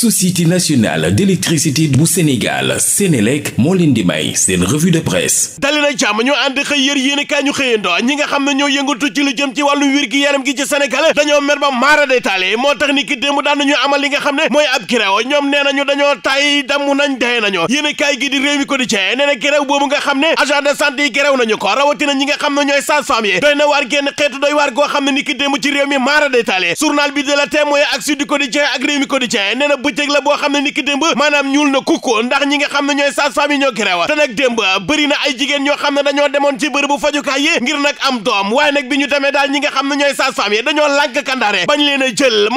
société nationale d'électricité bu Sénégal Sénélec moo leen di may seen revue de presse dali na ñu ànd xëy yër yéenekaay ñu xëyandoo ñi nga xam ne ñoo yëngatu ci lu jëm ci wàllu wér gi yaram gi ci Sénégal dañoo mer ba maara day taale moo tax ni ki démb daan nañu amal li nga xam ne mooy ab grève ñoom nee nañu dañoo tay damm nañ dee nañu yéenekaay gi di Rewmi Quotidien nee na grève boobu nga xam ne agent de santé yi grève nañu ko rawatina bëccëg la boo xam ne ni ki démb maanaam ñuul na kukku ndax ñi nga xam ne ñooy sage-femme yi ñoo grève te nag démb bëri na ay jigéen ñoo xam ne dañoo demoon ci bërëbu fajukaay yi nga xam ne ñooy sage yi a jël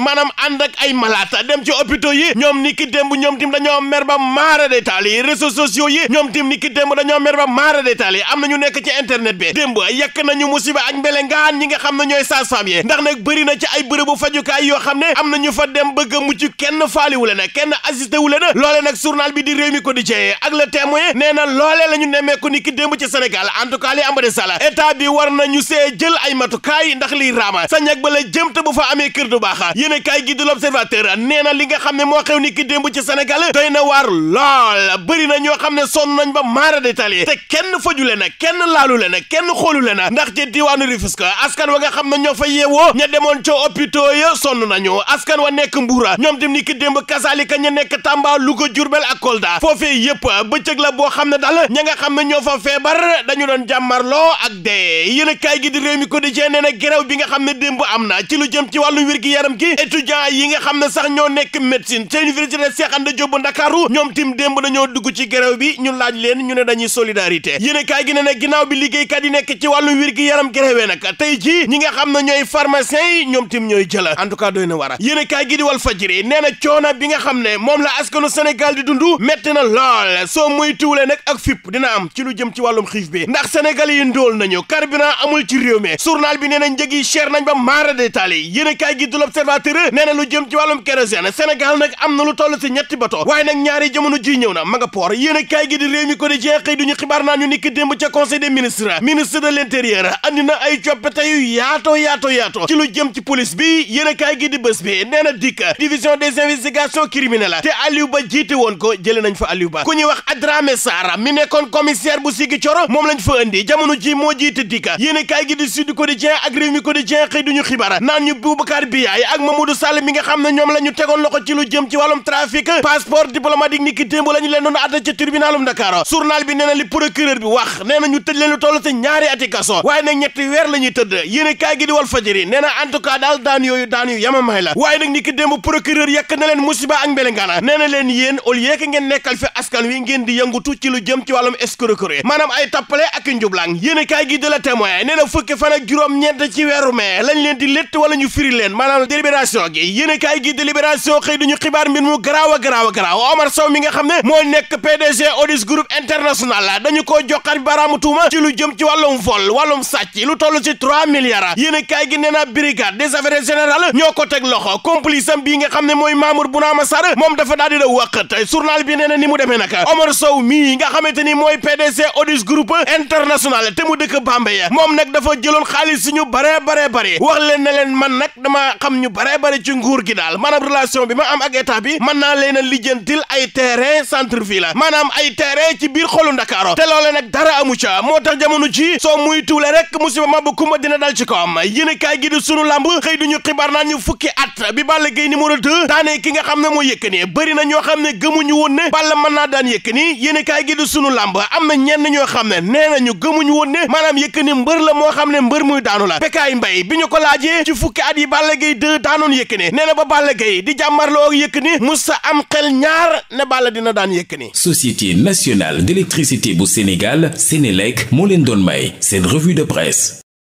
maanaam ànd ak ay malade dem ci hôpitaux yi ñoom ni ki ñoom tim dañoo mer ba maara détaal yi réseaux sociaux yi ñoom tim ni ki dañoo mer ba maara détaal yi am na ñu nekk ci internet bi démb yàkk nañu musiba ak mbelengaan ñi nga xam ne ñooy dem bëgg a mucc kenn faaliwu le na kenn assisté wu le na loole nag journal bi di réew mi ko di jeyee ak le témoin nee na loole la ñu nemmeeku ni ki démb ci Sénégal en tout cas li ambade sala état bi war nañu see jël ay matukaay ndax liy raama sañak ba la jëm te bu fa amee kër du baax yéen a kaay gi di l'observateur nee na li nga xam ne moo xew ni ki démb ci Sénégal doy na waar lool bëri na ñoo xam ne sonn nañ ba maara détaillé te kenn faju le na kenn la le na kenn xoolu le na ndax ci diwaanu Rufisque wa nga xam ne ñoo fa yeewoo ña demoon ca hôpitaux ya sonn nekk Mbuur ñoom dem ni ki démb kasaalika ña nekk Tamba Louga Diourbel ak Kolda foofee yëpp bëccëg la boo xam ne daal ña nga xam ne ñoo fa feebar dañu doon loo ak dee yéen a kaay gi di réew mi quotidien nee na grève bi nga xam ne démb am na ci lu jëm ci wàllu wér gi yaram gi étudiant yi nga xam ne sax ñoo nekk médecine ci université Cheikh Anta Diop bu Ndakaaru ñoom tim démb dañoo dugg ci grève bi ñu laaj leen ñu ne dañuy solidarité yéen a kaay gi ne na ginnaaw bi yi nekk ci wàllu wér gi yaram grève nag tey ji ñi nga xam ne ñooy pharmacien yi ñoom tim ñooy jëla en tout cas doy war a gi di wal fajiri nee na bi nga xam ne moom la askanu Sénégal di dund métti na lool soo muy tuulee nag ak fipp dina am ci lu jëm ci wàllum xiif bi ndax Sénégal yi ndóol nañu carburant amul ci réew mi journal bi nee na njëg yi ba nañ ba maara détail yi yéen a kaay gi du l'observateur nee na lu jëm ci wàllum kérosène Sénégal nag am na lu toll si ñetti bato waaye nag ñaari jamono ji na ma poor yéen a kaay gi di réew mi ko di jeexee duñu xibaar ñu nikk démb ci lu bi yéen a la dikk division des investigations criminelles te Aliou jiite woon ko jëlee nañ fa Aliou ku ñuy wax Adramé Sarr mi nekkoon commissaire bu Ziguinchor moom lañ fa indi jamono ji moo jiite dikk yéen kaay gi di Sud Quotidien ak Rewmi Quotidien xëy duñu xibaar naan ñu Boubacar Biaye ak Mamadou Sall mi nga xam ne ñoom la ñu tegoon loxo ci lu jëm ci wàllum trafic passeport diplomatique ni ki démb la ñu leen doon àtte ca tribunalum Dakar bi nee na li procureur bi wax nee na ñu tëj leen lu toll ci la ñuy tëdd yéen kaay gi di ni ki démb procureur yekk na leen musiba ak mbelengaana na leen yéen au lieu ngeen nekkal fi askan wi ngeen di yëngutu ci lu jëm ci wàllum escroquerie maanaam ay tappale ak njublaang yéen a kaay gi de la témoin fukki fan juróom-ñeent ci weeru mai lañ leen di létt wala ñu firi leen maanaam délibération gi yéen a kaay gi délibération xëy duñu xibaar mbir mu garaaw a garaaw a garaaw Omar mi nga xam ne moo nekk PDG Odis Group International dañu police am bii nga xam ne mooy Mamour Bounama Sarr moom dafa daal di la wàqat bi nee na ni mu demee nag Omar Sow mii nga xamante ni mooy PDC Odis Groupe International te mu dëkk Bambey moom nag dafa jëloon xaalis suñu baree baree bare wax leen ne leen man dama xam ñu baree bare ci nguur gi daal maanaam relation bi ma am ak bi mën naa leen a lijjantil ay terrain centre ville la maanaam ay terrain ci biir xolu Ndakaaru te loole nag dara amu moo tax jamono ma bu kumba dina dal ci kawam yéen kaay gi di Balla Gaye numéro 2 daanee ki nga xam ne moo Yékini bëri na ñoo xam ne gëmuñu woon ne Balla mën naa daan Yékini yéen kaay gi du sunu làmb am na ñenn ñoo xam ne nee nañu gëmuñu woon ne maanaam Yékini mbër la moo xam ne mbër muy daanu la Bécaye Mbaye bi ñu ko laajee ci fukki at yi Balla Gaye 2 daanoon Yékini nee na ba Balla Gaye di jàmmarloo ak Yékini mu sa am xel ñaar ne Balla dina daan Yékini Société nationale d'électricité bu Sénégal Sénélec moo leen doon may seen revue de presse